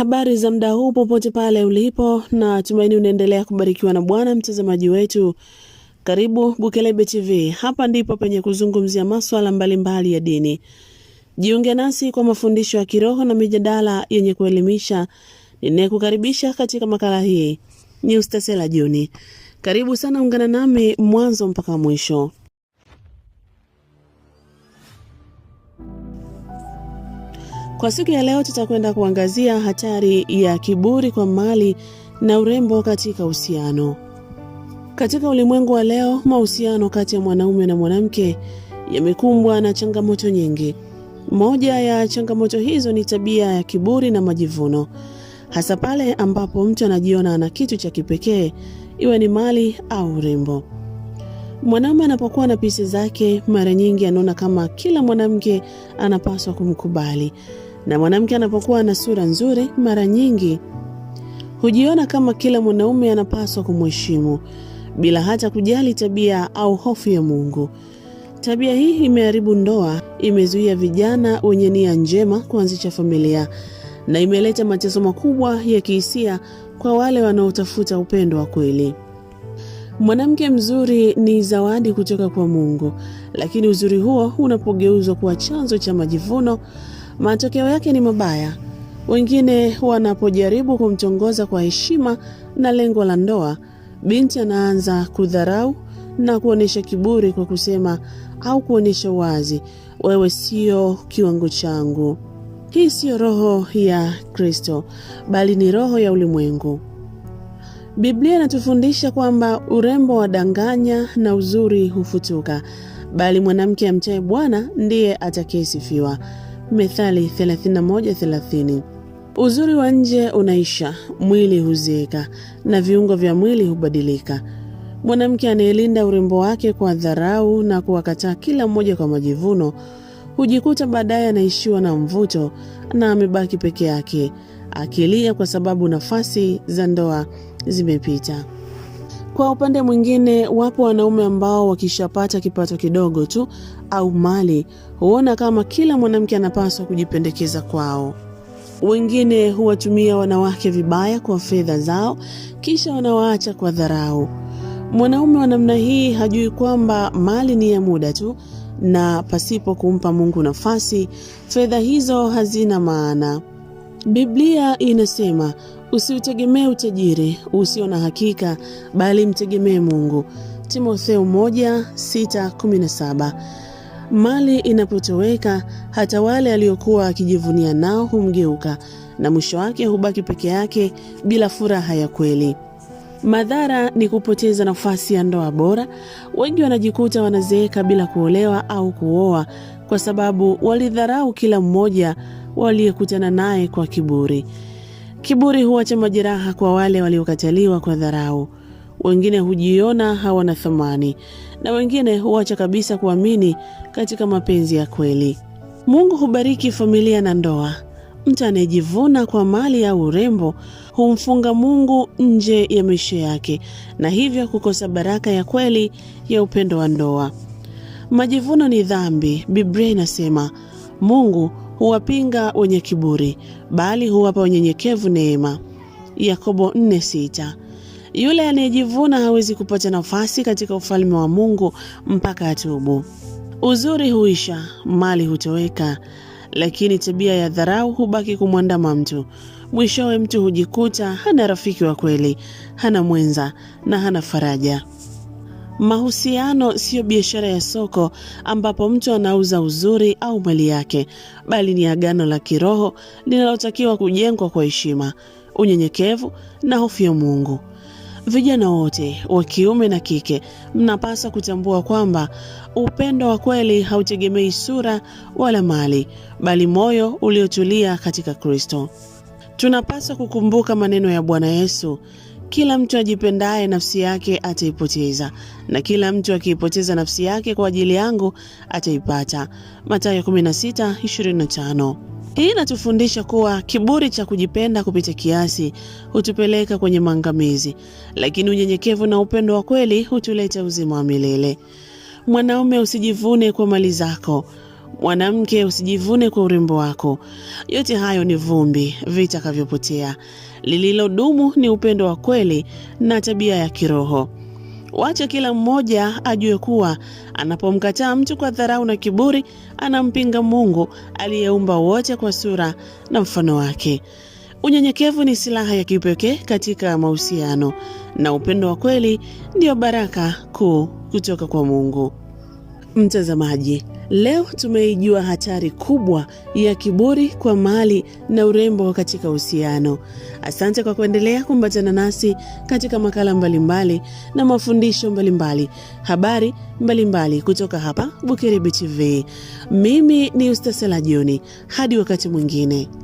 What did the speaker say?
Habari za mda huu popote pale ulipo, na tumaini unaendelea kubarikiwa na Bwana mtazamaji wetu. Karibu Bukelebe TV, hapa ndipo penye kuzungumzia maswala mbalimbali ya dini. Jiunge nasi kwa mafundisho ya kiroho na mijadala yenye kuelimisha. Ninayekukaribisha katika makala hii ni Ustasela Juni. Karibu sana, ungana nami mwanzo mpaka mwisho. Kwa siku ya leo tutakwenda kuangazia hatari ya kiburi kwa mali na urembo katika uhusiano. Katika ulimwengu wa leo, mahusiano kati ya mwanaume na mwanamke yamekumbwa na changamoto nyingi. Moja ya changamoto hizo ni tabia ya kiburi na majivuno, hasa pale ambapo mtu anajiona ana kitu cha kipekee, iwe ni mali au urembo. Mwanaume anapokuwa na pisi zake, mara nyingi anaona kama kila mwanamke anapaswa kumkubali, na mwanamke anapokuwa na sura nzuri, mara nyingi hujiona kama kila mwanaume anapaswa kumheshimu bila hata kujali tabia au hofu ya Mungu. Tabia hii imeharibu ndoa, imezuia vijana wenye nia njema kuanzisha familia na imeleta mateso makubwa ya kihisia kwa wale wanaotafuta upendo wa kweli. Mwanamke mzuri ni zawadi kutoka kwa Mungu, lakini uzuri huo unapogeuzwa kuwa chanzo cha majivuno matokeo yake ni mabaya. Wengine wanapojaribu kumtongoza kwa heshima na lengo la ndoa, binti anaanza kudharau na kuonyesha kiburi kwa kusema au kuonyesha wazi, wewe sio kiwango changu. Hii siyo roho ya Kristo, bali ni roho ya ulimwengu. Biblia inatufundisha kwamba urembo wadanganya na uzuri hufutuka, bali mwanamke amchaye Bwana ndiye atakayesifiwa. Methali 31:30. Uzuri wa nje unaisha, mwili huzeeka na viungo vya mwili hubadilika. Mwanamke anayelinda urembo wake kwa dharau na kuwakataa kila mmoja kwa majivuno hujikuta baadaye anaishiwa na mvuto na amebaki peke yake akilia kwa sababu nafasi za ndoa zimepita. Kwa upande mwingine, wapo wanaume ambao wakishapata kipato kidogo tu au mali huona kama kila mwanamke anapaswa kujipendekeza kwao. Wengine huwatumia wanawake vibaya kwa fedha zao, kisha wanawaacha kwa dharau. Mwanaume wa namna hii hajui kwamba mali ni ya muda tu, na pasipo kumpa Mungu nafasi, fedha hizo hazina maana. Biblia inasema usiutegemee utajiri usio na hakika, bali mtegemee Mungu. Timotheo 1:6-17. Mali inapotoweka hata wale aliokuwa akijivunia nao humgeuka na mwisho wake hubaki peke yake bila furaha ya kweli. Madhara ni kupoteza nafasi ya ndoa bora. Wengi wanajikuta wanazeeka bila kuolewa au kuoa kwa sababu walidharau kila mmoja waliyekutana naye kwa kiburi. Kiburi huacha majeraha kwa wale waliokataliwa kwa dharau wengine hujiona hawana thamani na wengine huacha kabisa kuamini katika mapenzi ya kweli. Mungu hubariki familia na ndoa. Mtu anayejivuna kwa mali au urembo humfunga Mungu nje ya maisha yake na hivyo kukosa baraka ya kweli ya upendo wa ndoa. Majivuno ni dhambi. Biblia inasema Mungu huwapinga wenye kiburi, bali huwapa wanyenyekevu neema. Yakobo 4:6. Yule anayejivuna hawezi kupata nafasi katika ufalme wa Mungu mpaka atubu. Uzuri huisha, mali hutoweka, lakini tabia ya dharau hubaki kumwandama mtu. Mwishowe mtu hujikuta hana rafiki wa kweli, hana mwenza na hana faraja. Mahusiano siyo biashara ya soko ambapo mtu anauza uzuri au mali yake, bali ni agano la kiroho linalotakiwa kujengwa kwa heshima, unyenyekevu na hofu ya Mungu. Vijana wote wa kiume na kike, mnapaswa kutambua kwamba upendo wa kweli hautegemei sura wala mali, bali moyo uliotulia katika Kristo. Tunapaswa kukumbuka maneno ya Bwana Yesu, kila mtu ajipendaye nafsi yake ataipoteza, na kila mtu akiipoteza nafsi yake kwa ajili yangu ataipata. Mathayo 16:25. Hii inatufundisha kuwa kiburi cha kujipenda kupita kiasi hutupeleka kwenye maangamizi, lakini unyenyekevu na upendo wa kweli hutuleta uzima wa milele. Mwanaume, usijivune kwa mali zako. Mwanamke, usijivune kwa urembo wako. Yote hayo ni vumbi vitakavyopotea. Lililodumu ni upendo wa kweli na tabia ya kiroho. Wacha kila mmoja ajue kuwa anapomkataa mtu kwa dharau na kiburi, anampinga Mungu aliyeumba wote kwa sura na mfano wake. Unyenyekevu ni silaha ya kipekee katika mahusiano, na upendo wa kweli ndiyo baraka kuu kutoka kwa Mungu. Mtazamaji, leo tumeijua hatari kubwa ya kiburi kwa mali na urembo katika uhusiano. Asante kwa kuendelea kuambatana nasi katika makala mbalimbali mbali na mafundisho mbalimbali mbali, habari mbalimbali mbali kutoka hapa Bukerebe TV. Mimi ni Ustasela Joni, hadi wakati mwingine.